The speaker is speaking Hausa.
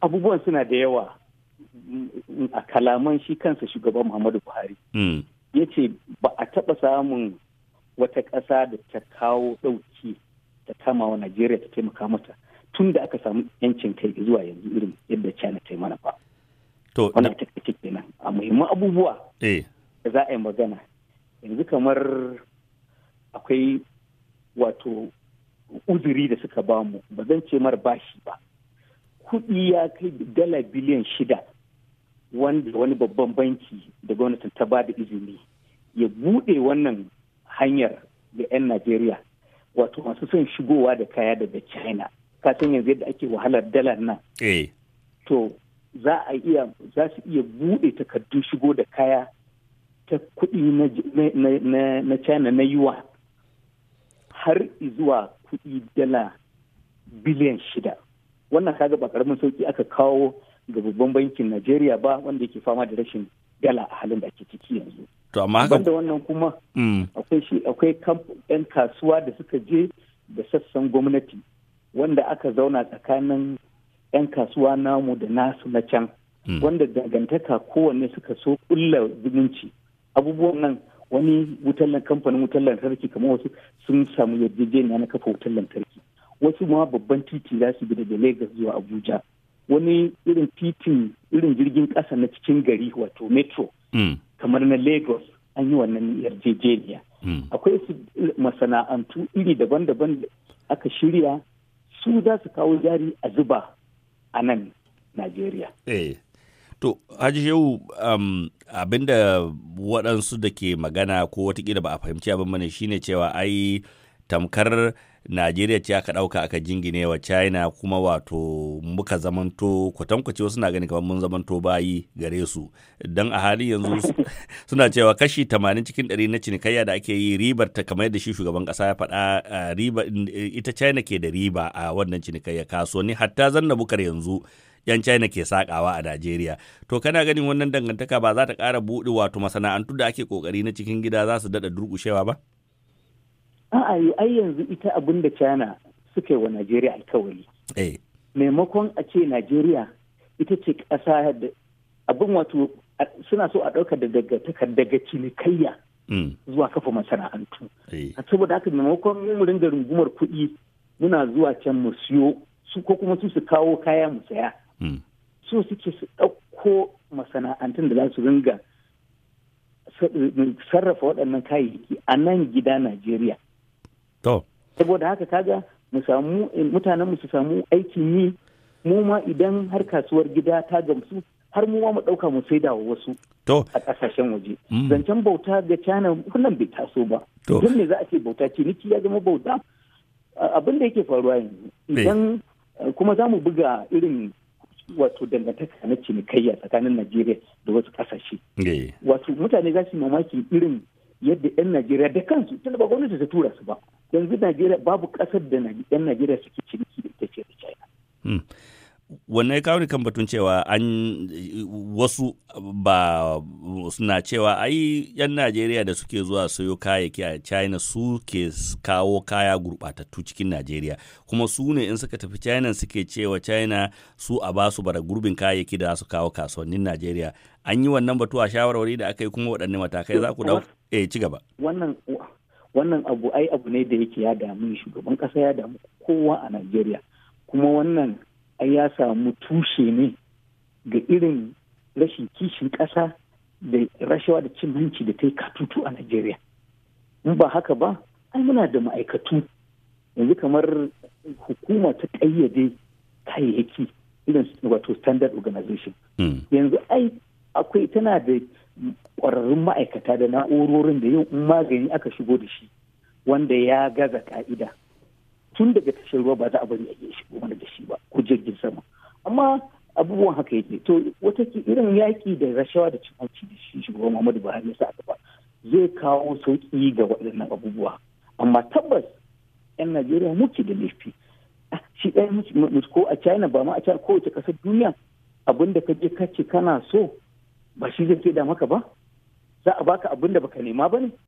abubuwan suna da yawa a kalaman shi kansa shugaban muhammadu buhari hmm. ya ce ba a taɓa samun wata ƙasa da ta kawo ɗauki ta kama wa najeriya ta taimaka mata tun da aka samu yancin kai zuwa yanzu irin yadda china ta yi mana ba wani ta kace kenan a muhimman abubuwa eh. da za a yi magana yanzu kamar akwai wato uzuri da suka bamu ba zan ce mar bashi ba kuɗi ya kai dala biliyan shida wanda wani babban banki da gwamnatin ta ba da izini ya buɗe wannan hanyar ga 'yan Najeriya wato masu son shigowa da kaya daga China. ka san yanzu yadda ake wahalar dalar nan. Eh. To za a iya za su iya buɗe takardun shigo da kaya ta kuɗi na China na yiwa har zuwa kuɗi dala biliyan shida. wannan kaga ba karamin sauki aka kawo ga babban bankin Najeriya ba wanda yake fama da rashin dala a halin da ake ciki yanzu. To amma haka banda wannan kuma mm. akwai shi akwai yan kasuwa da suka je da sassan gwamnati wanda aka zauna tsakanin yan kasuwa namu da nasu na can mm. wanda dangantaka kowanne suka so kulla zumunci abubuwan nan wani wutar kamfanin wutar lantarki kamar wasu sun samu yarjejeniya na kafa wutar lantarki wasu ma babban titi za su bi daga lagos zuwa Abuja wani irin titin irin jirgin ƙasa na cikin gari wato metro hmm. kamar na Lagos an yi wannan yarjejeniya hmm. akwai masana'antu iri daban-daban da aka shirya su za su kawo jari a zuba a nan Najeriya. Eh. To, Haji Shehu, um, abinda waɗansu da ke magana ko watakila ba a fahimci abin mana shine cewa ai tamkar najeriya ce aka ɗauka aka jingine wa china kuma wato muka zamanto kwatankwaci wasu na gani kamar mun zamanto bayi gare su don a halin yanzu suna cewa kashi 80 cikin 100 na cinikayya da ake yi ribar ta kamar yadda shi shugaban kasa ya faɗa riba ita china ke da riba a wannan cinikayya ni hatta zanna bukar yanzu yan china ke sakawa a najeriya to kana ganin wannan dangantaka ba za ta kara buɗe wato masana'antu da ake ƙoƙari na cikin gida za su daɗa durƙushewa ba A'a yi ai yanzu ita abin da China suka yi wa Najeriya alkawari. Eh. Maimakon a ce Najeriya ita ce ƙasa da abin wato suna so a ɗauka da daga cinikayya mm. zuwa kafa masana'antu. Eh. Saboda haka maimakon mu ringa rungumar kuɗi muna zuwa can mu siyo su ko kuma su su kawo kaya mu saya. Mm. So suke su ɗauko masana'antun da za su ringa sarrafa waɗannan kayayyaki a nan gida Najeriya. to saboda haka kaga mu samu mutanen mu su samu aikin yi mu ma idan har kasuwar gida ta gamsu har mu ma mu dauka mu saida wa wasu to a kasashen waje mm. zancen bauta ga China kullum bai taso ba don me za a ce bauta ciniki ya zama bauta abin da yake faruwa yanzu idan eh, kuma za mu buga irin wato dangantaka na cinikayya tsakanin Najeriya da wasu kasashe. Wato mutane za su mamaki irin yadda 'yan Najeriya da kansu tun ba gwamnati ta tura su ba. yanzu najeriya babu kasar da yan najeriya suke ciniki da ita ce da china hmm. Wanne ya kawo ni kan batun cewa an wasu ba suna cewa ai yan najeriya da suke zuwa sayo kayayyaki a china su ke kawo kaya gurbatattu cikin najeriya kuma su ne in suka tafi china suke cewa china su a ba su bara gurbin kayayyaki da su kawo kasuwannin najeriya an yi wannan batu a shawarwari da aka yi kuma waɗanne matakai za ku dau eh ci gaba wannan wannan abu ai abu ne da yake ya damu shugaban kasa ya damu kowa a najeriya kuma wannan ai ya samu tushe ne ga irin rashin kishin kasa da rashawa da cin hanci da ta yi katutu a najeriya in ba haka ba ai muna da ma'aikatu yanzu kamar hukuma ta ƙayyade kayayyaki irin wato standard organization hmm. yanzu ai akwai tana da ƙwararrun ma'aikata da na'urorin da yau magani aka shigo da shi wanda ya gaza ka'ida tun daga tashar ruwa ba za a bari a iya shigo mana da shi ba ko jirgin sama amma abubuwan haka yake to wata irin yaƙi da rashawa da cin hanci da shi shugaban Muhammadu Buhari ya sa gaba zai kawo sauƙi ga waɗannan abubuwa amma tabbas 'yan Najeriya muke da laifi ah, shi ɗaya ko a China ba ma a China kowace ƙasar duniya abin da ka je ka ce kana so ba shi zai ke da maka ba za a baka abin da baka nema ba ne